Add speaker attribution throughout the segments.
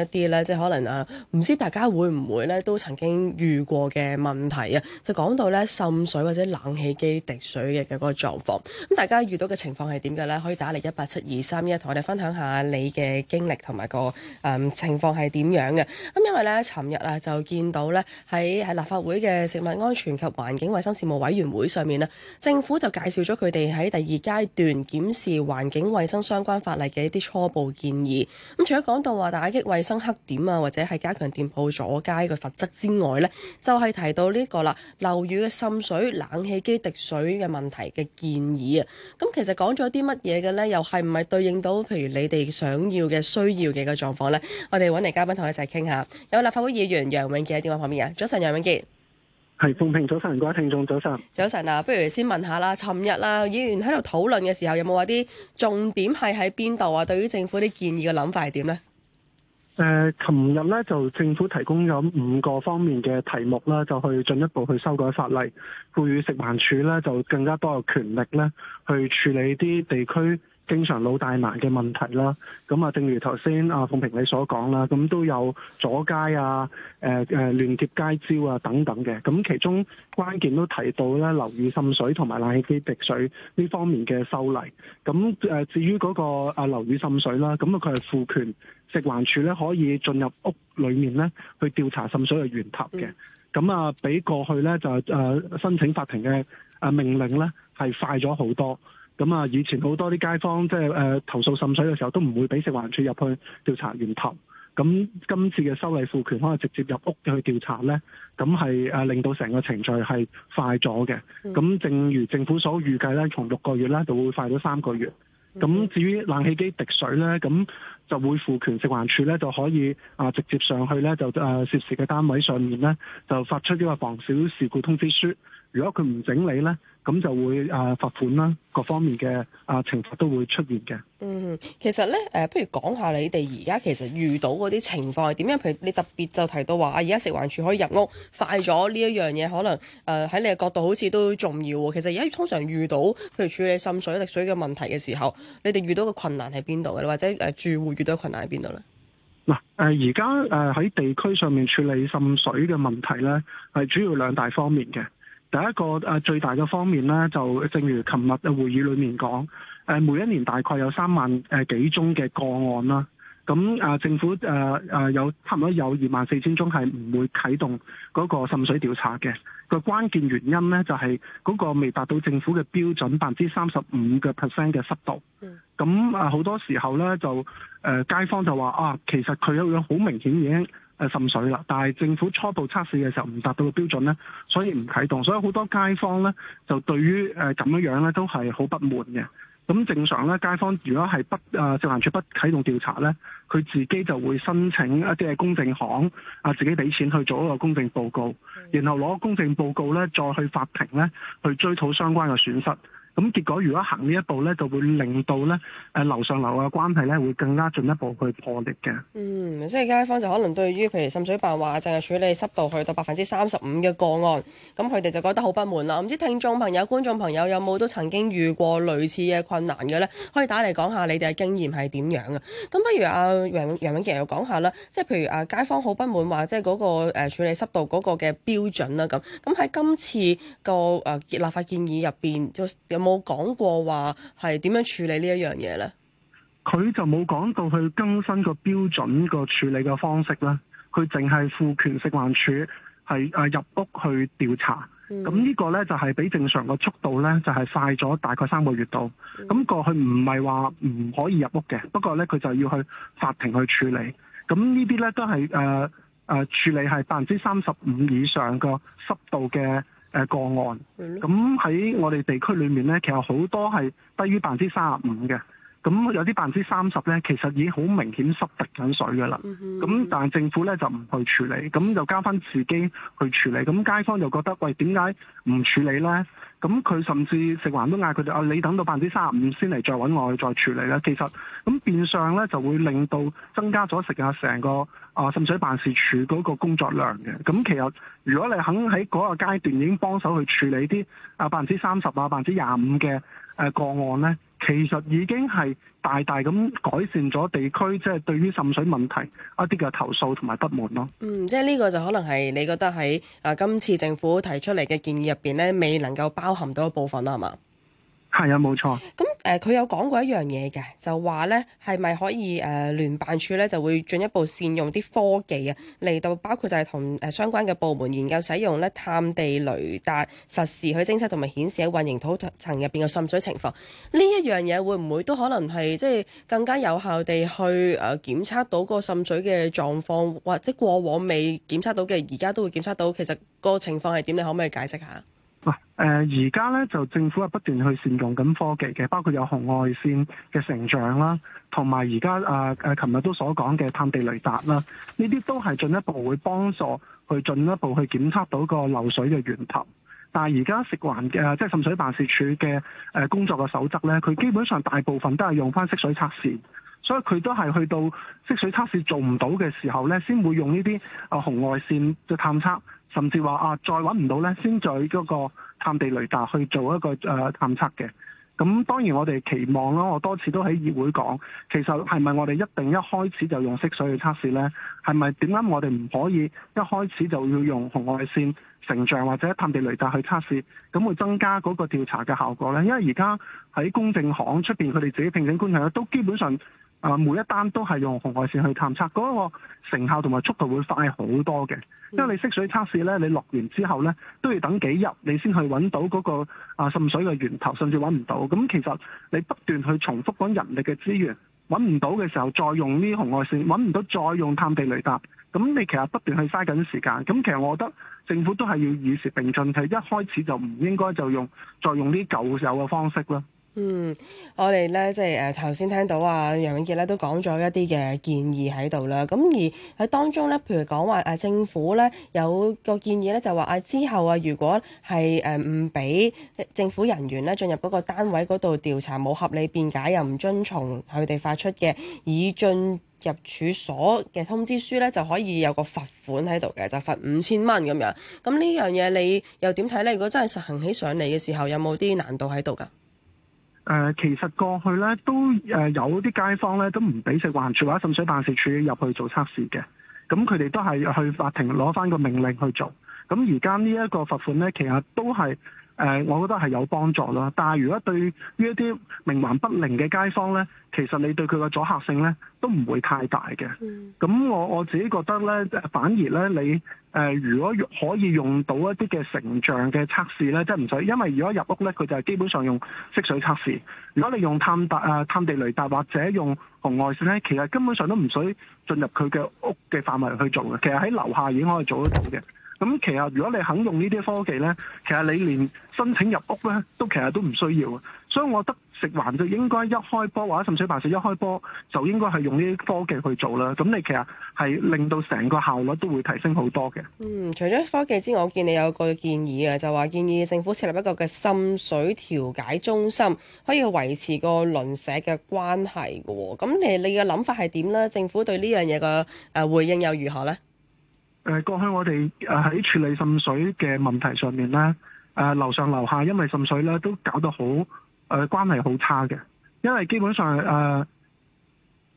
Speaker 1: 一啲咧，即係可能啊，唔知大家會唔會咧，都曾經遇過嘅問題啊？就講到咧，滲水或者冷氣機滴水嘅嗰個狀況。咁大家遇到嘅情況係點嘅咧？可以打嚟，一八七二三一，同我哋分享下你嘅經歷同埋，嗰個誒，嗯，情況係點樣嘅？咁因為咧，尋日啊，就見到咧喺喺立法會嘅食物安全及環境衛生事務委員會上面呢，政府就介紹咗佢哋喺第二階段檢視環境衛生相關法例嘅一啲初步建議。咁，嗯，除咗講到話打擊衛生黑點啊，或者係加強店鋪阻街嘅罰則之外呢就係提到呢個啦。樓宇嘅滲水、冷氣機滴水嘅問題嘅建議啊。咁其實講咗啲乜嘢嘅呢？又係唔係對應到，譬如你哋想要嘅、需要嘅個狀況呢？我哋揾嚟嘉賓同你一齊傾下。有立法會議員楊永杰喺電話旁邊啊。早晨，楊永杰係奉
Speaker 2: 屏早晨，各位聽眾早晨
Speaker 1: 早晨啊。不如先問下啦，尋日啦，議員喺度討論嘅時候有冇話啲重點係喺邊度啊？對於政府啲建議嘅諗法係點呢？
Speaker 2: 誒，琴日咧就政府提供咗五個方面嘅題目啦，就去進一步去修改法例，賦予食環署咧就更加多嘅權力咧，去處理啲地區正常老大難嘅問題啦，咁啊，正如頭先啊，鳳平你所講啦，咁都有阻街啊，誒誒亂貼街招啊等等嘅，咁其中關鍵都提到咧，樓宇滲水同埋冷氣機滴水呢方面嘅修例。咁誒，至於嗰個啊樓宇滲水啦，咁啊佢係賦權食環署咧，可以進入屋裏面咧去調查滲水嘅源頭嘅。咁啊，比過去咧就誒、呃、申請法庭嘅啊命令咧係快咗好多。咁啊，以前好多啲街坊即係誒、呃、投訴滲水嘅時候，都唔會俾食環署入去調查源頭。咁今次嘅修例賦權可以直接入屋去調查咧。咁係誒令到成個程序係快咗嘅。咁正如政府所預計咧，從六個月咧就會快咗三個月。咁至於冷氣機滴水咧，咁。就會賦權食環署咧，就可以啊直接上去咧，就誒、啊、涉事嘅單位上面咧，就發出呢個妨擾事故通知書。如果佢唔整理咧，咁就會啊罰款啦，各方面嘅啊懲罰都會出現嘅。嗯，
Speaker 1: 其實咧誒，不、呃、如講下你哋而家其實遇到嗰啲情況係點樣？因為譬如你特別就提到話啊，而家食環署可以入屋快咗呢一樣嘢，可能誒喺、呃、你嘅角度好似都重要喎。其實而家通常遇到譬如處理滲水、滴水嘅問題嘅時候，你哋遇到嘅困難喺邊度嘅？或者誒住戶？遇到困難喺邊度咧？
Speaker 2: 嗱，誒，而家誒喺地區上面處理滲水嘅問題咧，係主要兩大方面嘅。第一個誒最大嘅方面咧，就正如琴日嘅會議裏面講，誒每一年大概有三萬誒幾宗嘅個案啦。咁啊，政府誒誒有差唔多有二萬四千宗係唔會啟動嗰個滲水調查嘅。個關鍵原因咧，就係、是、嗰個未達到政府嘅標準，百分之三十五嘅 percent 嘅濕度。咁啊，好多時候咧，就誒、呃、街坊就話啊，其實佢有樣好明顯已經誒滲水啦，但係政府初步測試嘅時候唔達到個標準咧，所以唔啟動。所以好多街坊咧，就對於誒咁、呃、樣樣咧，都係好不滿嘅。咁正常咧，街坊如果係不啊食環署不啟動調查咧，佢自己就會申請一啲嘅公證行啊，自己俾錢去做一個公證報告，然後攞公證報告咧，再去法庭咧，去追討相關嘅損失。咁結果如果行呢一步咧，就會令到咧誒樓上樓下嘅關係咧會更加進一步去破裂嘅。嗯，
Speaker 1: 所以街坊就可能對於譬如滲水辦話淨係處理濕度去到百分之三十五嘅個案，咁佢哋就覺得好不滿啦。唔知聽眾朋友、觀眾朋友有冇都曾經遇過類似嘅困難嘅咧？可以打嚟講下你哋嘅經驗係點樣啊？咁不如阿楊楊永杰又講下啦，即係譬如啊街坊好不滿話，即係嗰個誒處理濕度嗰個嘅標準啦咁。咁喺今次個誒立法建議入邊就咁。冇講過話係點樣處理呢一樣嘢呢？
Speaker 2: 佢就冇講到去更新個標準個處理嘅方式啦。佢淨係賦權食環署係誒入屋去調查。咁呢、嗯、個呢，就係比正常個速度呢，就係快咗大概三個月度。咁過去唔係話唔可以入屋嘅，不過呢，佢就要去法庭去處理。咁呢啲呢，都係誒誒處理係百分之三十五以上個濕度嘅。誒、呃、個案，咁喺我哋地區裏面咧，其實好多係低於百分之三十五嘅。咁有啲百分之三十咧，其實已經好明顯濕滴緊水㗎啦。咁、嗯、哼但係政府咧就唔去處理，咁就交翻自己去處理。咁街坊就覺得，喂，點解唔處理咧？咁佢甚至食環都嗌佢哋啊，你等到百分之三十五先嚟再揾我再處理啦。其實咁變相咧就會令到增加咗食啊成個啊滲水辦事處嗰個工作量嘅。咁其實如果你肯喺嗰個階段已經幫手去處理啲啊百分之三十啊百分之廿五嘅。誒個案咧，其實已經係大大咁改善咗地區，即係對於滲水問題一啲嘅投訴同埋不滿咯。嗯，
Speaker 1: 即係呢個就可能係你覺得喺誒今次政府提出嚟嘅建議入邊咧，未能夠包含到一部分啦，係嘛？係啊，冇錯。咁誒，佢有講過一樣嘢嘅，就話咧係咪可以誒、呃、聯辦處咧就會進一步善用啲科技啊，嚟到包括就係同誒相關嘅部門研究使用咧探地雷達實時去偵測同埋顯示喺混凝土層入邊嘅滲水情況。呢一樣嘢會唔會都可能係即係更加有效地去誒檢測到個滲水嘅狀況，或者過往未檢測到嘅而家都會檢測到。其實個情況係點？你可唔可以解釋下？
Speaker 2: 喂，而家咧就政府係不斷去善用緊科技嘅，包括有紅外線嘅成像啦，同埋而家啊誒琴日都所講嘅探地雷達啦，呢啲都係進一步會幫助去進一步去檢測到個漏水嘅源頭。但係而家食環嘅即係滲水辦事處嘅誒、呃、工作嘅守則呢，佢基本上大部分都係用翻色水測試。所以佢都係去到色水測試做唔到嘅時候咧，先會用呢啲啊紅外線嘅探測，甚至話啊再揾唔到咧，先在嗰個探地雷達去做一個誒、呃、探測嘅。咁當然我哋期望啦，我多次都喺議會講，其實，係咪我哋一定一開始就用色水去測試咧？係咪點解我哋唔可以一開始就要用紅外線成像或者探地雷達去測試，咁會增加嗰個調查嘅效果咧？因為而家喺公證行出邊，佢哋自己聘請觀察都基本上。啊！每一單都係用紅外線去探測，嗰個成效同埋速度會快好多嘅。因為你滲水測試咧，你落完之後咧都要等幾日，你先去揾到嗰個啊滲水嘅源頭，甚至揾唔到。咁其實你不斷去重複揾人力嘅資源，揾唔到嘅時候再用呢紅外線，揾唔到再用探地雷達，咁你其實不斷去嘥緊時間。咁其實我覺得政府都係要與時並進，佢一開始就唔應該就用再用啲舊有嘅方式啦。
Speaker 1: 嗯，我哋咧即係誒頭先聽到啊，楊永杰咧都講咗一啲嘅建議喺度啦。咁而喺當中咧，譬如講話誒政府咧有個建議咧，就話啊之後啊，如果係誒唔俾政府人員咧進入嗰個單位嗰度調查，冇合理辯解又唔遵從佢哋發出嘅已進入處所嘅通知書咧，就可以有個罰款喺度嘅，就罰五千蚊咁樣。咁呢樣嘢你又點睇咧？如果真係實行起上嚟嘅時候，有冇啲難度喺度噶？
Speaker 2: 誒、呃、其實過去咧都誒、呃、有啲街坊咧都唔俾食環署或者滲水辦事處入去做測試嘅，咁佢哋都係去法庭攞返個命令去做，咁而家呢一個罰款咧其實都係。誒，uh, 我覺得係有幫助啦。但係如果對於一啲冥頑不靈嘅街坊咧，其實你對佢嘅阻嚇性咧都唔會太大嘅。咁我我自己覺得咧，反而咧你誒、呃，如果可以用到一啲嘅成像嘅測試咧，即係唔使，因為如果入屋咧，佢就係基本上用色水測試。如果你用探達啊探地雷達或者用紅外線咧，其實根本上都唔使進入佢嘅屋嘅範圍去做嘅。其實喺樓下已經可以做得到嘅。咁其實如果你肯用呢啲科技呢，其實你連申請入屋呢都其實都唔需要嘅。所以我覺得食環就應該一開波或者甚至乎排水一開波就應該係用呢啲科技去做啦。咁你其實係令到成個效率都會提升好多嘅。嗯，
Speaker 1: 除咗科技之外，我見你有個建議啊，就話建議政府設立一個嘅滲水調解中心，可以維持個鄰舍嘅關係嘅。咁你你嘅諗法係點呢？政府對呢樣嘢嘅誒回應又如何呢？
Speaker 2: 誒過去我哋誒喺處理滲水嘅問題上面咧，誒、呃、樓上樓下因為滲水咧都搞到好誒關係好差嘅，因為基本上誒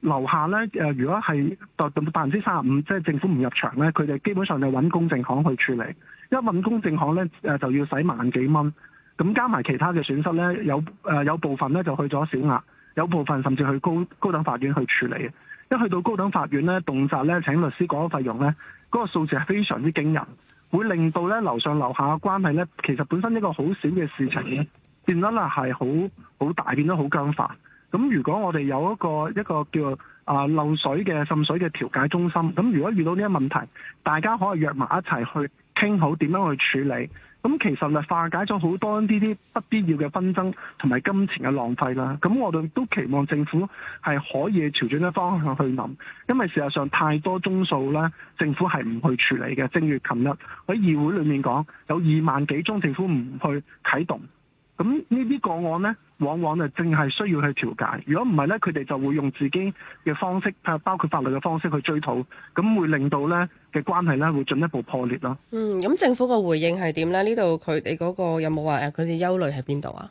Speaker 2: 樓、呃、下咧誒如果係百分之三十五，即係政府唔入場咧，佢哋基本上就揾公證行去處理，因為揾公證行咧誒、呃、就要使萬幾蚊，咁加埋其他嘅損失咧，有誒、呃、有部分咧就去咗小額，有部分甚至去高高等法院去處理嘅。一去到高等法院咧，動輒咧請律師講費用咧，嗰、那個數字係非常之驚人，會令到咧樓上樓下嘅關係咧，其實本身一個好小嘅事情咧，變得啦係好好大，變得好僵化。咁如果我哋有一個一個叫啊漏水嘅滲水嘅調解中心，咁如果遇到呢啲問題，大家可以約埋一齊去傾好點樣去處理。咁其實咪化解咗好多呢啲不必要嘅紛爭同埋金錢嘅浪費啦。咁我哋都期望政府係可以朝住呢方向去諗，因為事實上太多宗數咧，政府係唔去處理嘅。正如琴日喺議會裏面講，有二萬幾宗政府唔去啟動。咁呢啲個案呢，往往就淨係需要去調解。如果唔係呢，佢哋就會用自己嘅方式，包括法律嘅方式去追討，咁會令到呢嘅關係呢會進一步破裂咯。嗯，
Speaker 1: 咁政府嘅回應係點呢？呢度佢哋嗰個有冇話佢哋憂慮喺邊度啊？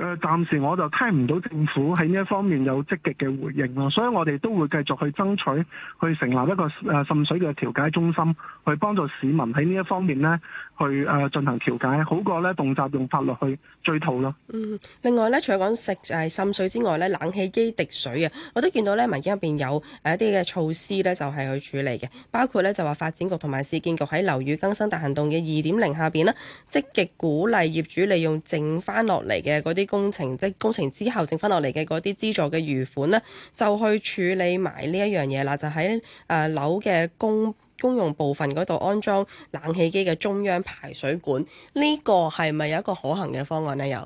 Speaker 2: 誒暫時我就聽唔到政府喺呢一方面有積極嘅回應咯，所以我哋都會繼續去爭取去成立一個誒滲水嘅調解中心，去幫助市民喺呢一方面呢去誒進行調解，好過咧動輒用法律去追討咯。嗯，
Speaker 1: 另外咧，除咗講食誒滲水之外咧，冷氣機滴水啊，我都見到咧，文件入邊有誒一啲嘅措施咧，就係去處理嘅，包括咧就話發展局同埋市建局喺樓宇更新大行動嘅二點零下邊呢積極鼓勵業主利用剩翻落嚟嘅嗰啲。工程即工程之後剩翻落嚟嘅嗰啲資助嘅餘款呢，就去處理埋呢一樣嘢啦。就喺誒、呃、樓嘅公公用部分嗰度安裝冷氣機嘅中央排水管，呢、這個係咪有一個可行嘅方案呢？又
Speaker 2: 誒、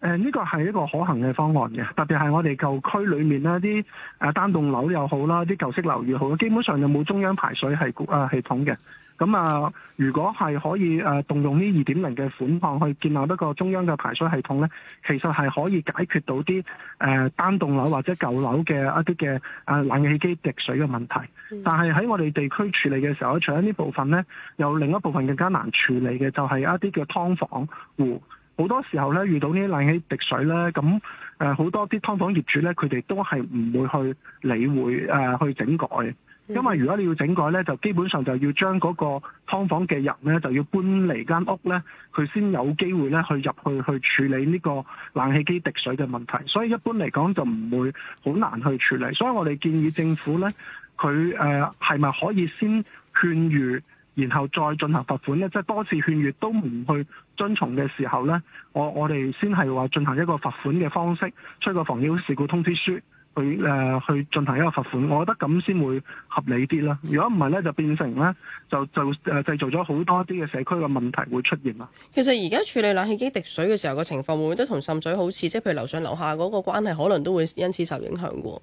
Speaker 2: 呃，呢、這個係一個可行嘅方案嘅，特別係我哋舊區裡面呢，啲誒單棟樓又好啦，啲舊式樓又好，基本上就冇中央排水係啊系統嘅。咁啊，如果係可以誒、呃、動用呢二點零嘅款項去建立一個中央嘅排水系統咧，其實係可以解決到啲誒、呃、單棟樓或者舊樓嘅一啲嘅誒冷氣機滴水嘅問題。但係喺我哋地區處理嘅時候，除咗呢部分咧，有另一部分更加難處理嘅就係一啲嘅劏房戶。好、呃、多時候咧，遇到呢啲冷氣滴水咧，咁誒好多啲劏房業主咧，佢哋都係唔會去理會誒、呃、去整改。因為如果你要整改咧，就基本上就要將嗰個劏房嘅人咧，就要搬離間屋咧，佢先有機會咧去入去去處理呢個冷氣機滴水嘅問題。所以一般嚟講就唔會好難去處理。所以我哋建議政府咧，佢誒係咪可以先勸喻，然後再進行罰款咧？即係多次勸喻都唔去遵從嘅時候咧，我我哋先係話進行一個罰款嘅方式，出個妨擾事故通知書。去誒、呃、去進行一個罰款，我覺得咁先會合理啲啦。如果唔係呢，就變成呢，就就誒、呃、製造咗好多啲嘅社區嘅問題會出現啦。
Speaker 1: 其實而家處理冷氣機滴水嘅時候個情況，會唔會都同滲水好似？即係譬如樓上樓下嗰個關係，可能都會因此受影響嘅喎。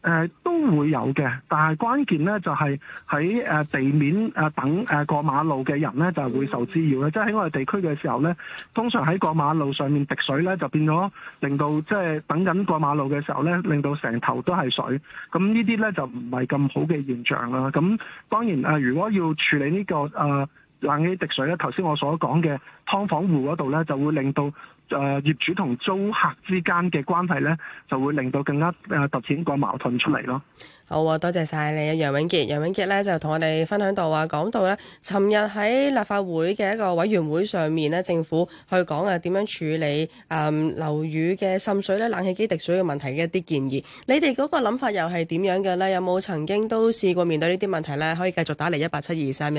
Speaker 2: 誒、呃、都會有嘅，但係關鍵咧就係喺誒地面誒、呃、等誒、呃、過馬路嘅人咧就係會受滋擾嘅，即係喺我哋地區嘅時候咧，通常喺過馬路上面滴水咧就變咗令到即係等緊過馬路嘅時候咧，令到成頭都係水，咁呢啲咧就唔係咁好嘅現象啦。咁當然誒、呃，如果要處理呢、這個誒。呃冷氣滴水咧，頭先我所講嘅劏房戶嗰度咧，就會令到誒業主同租客之間嘅關係咧，就會令到更加比較突顯啲個矛盾出嚟咯。
Speaker 1: 好啊，多謝曬你啊，楊永杰。楊永杰咧就同我哋分享到啊，講到咧，尋日喺立法會嘅一個委員會上面咧，政府去講啊點樣處理誒樓宇嘅滲水咧、冷氣機滴水嘅問題嘅一啲建議。你哋嗰個諗法又係點樣嘅咧？有冇曾經都試過面對呢啲問題咧？可以繼續打嚟一八七二三一。